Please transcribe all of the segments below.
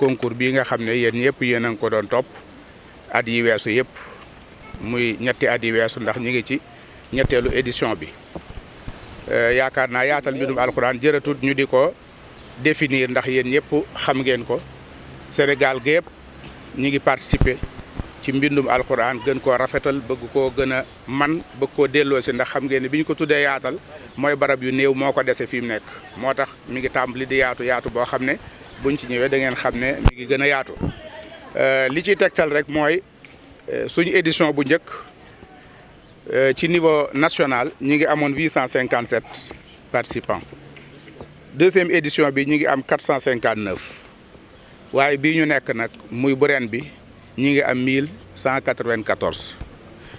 concours bii nga xam ne yéen ñëpp yéen a ngi ko doon topp at yi weesu yëpp muy ñetti at yi weesu ndax ñu ngi ci ñetteelu édition bi euh, yaakaar naa yaatal mbindum alxuraan jërëtut ñu di ko définir ndax yéen ñëpp xam ngeen ko Sénégal gépp ñu ngi participer ci mbindum alxuraan gën ko rafetal bëgg koo gën a man bëgg koo delloo si ndax xam ngeen ne bi ñu ko tuddee yaatal mooy barab yu néew moo ko dese fi mu nekk moo tax mu ngi tàmbali di yaatu yaatu boo xam ne buñ ci ñëwee da ngeen xam ne mi ngi gën a yaatu euh, li ci tegtal rek mooy euh, suñu édition bu njëkk euh, ci niveau national ñi ngi amoon huit cent cinquante sept participants deuxième édition bi ñi ngi am quatre cent cinquante neuf waaye bii ñu nekk nag muy bu ren bi ñi ngi am mille cent quatre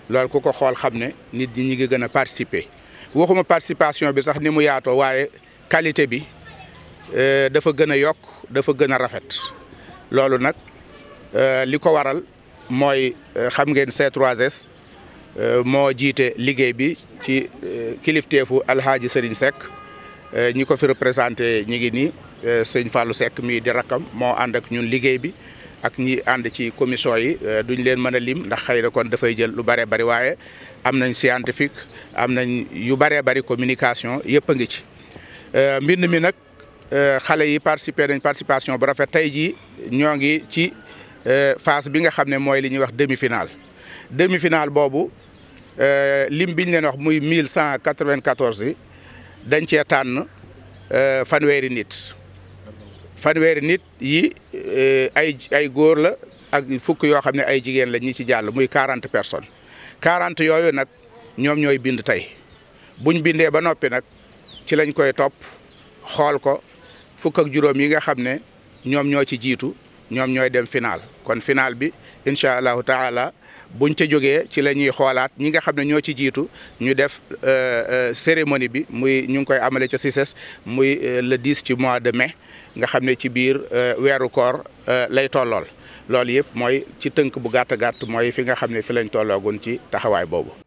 loolu ku ko xool xam ne nit ñi ñi ngi gën a participer waxuma participation bi sax ni mu yaatoo waaye qualité bi. Eh, dafa gën a yokk dafa gën a rafet loolu nag eh, li ko waral mooy eh, xam ngeen C3S moo jiite liggéey bi ci kilifteefu alhaaji Serigne Seck ñi ko fi représenté ñi ngi nii sëñ Fallou sekk mii di rakkam moo ànd ak ñun liggéey bi ak ñi ànd ci commission yi duñ leen mën a lim ndax xëy na kon dafay jël lu bëree bari waaye am nañ scientifique am nañ yu bëree bari communication yëpp a ngi ci mbind mi nag. Euh, xale yi participer nañ participation bu rafet tey jii ñoo ngi ci euh, phase bi nga xam ne mooy li ñuy wax demi-finale demi-finale boobu euh, lim biñ leen wax muy mille cent quatre-vingt-quatorze yi dañ cee tànn fanweeri nit fanweeri nit yi ay ay góor la ak fukk yoo xam ne ay jigéen la ñi ci jàll muy quarante personnes quarante yooyu nag ñoom ñooy bind tey buñ bindee ba noppi nag ci lañ koy topp xool ko fukk ak juróom yi nga xam ne ñoom ñoo ci jiitu ñoom ñooy dem final kon final bi incha allahu taala buñ ca jógee ci la ñuy xoolaat ñi nga xam ne ñoo ci jiitu ñu def euh, euh, cérémonie bi muy ñu ngi koy amalee ca CICES muy euh, le 10 ci mois de mai nga xam ne ci biir weeru koor lay tollool loolu yëpp mooy ci tënk bu gàtt gàtt mooy fi nga xam ne fi lañ tolloogun ci taxawaay boobu.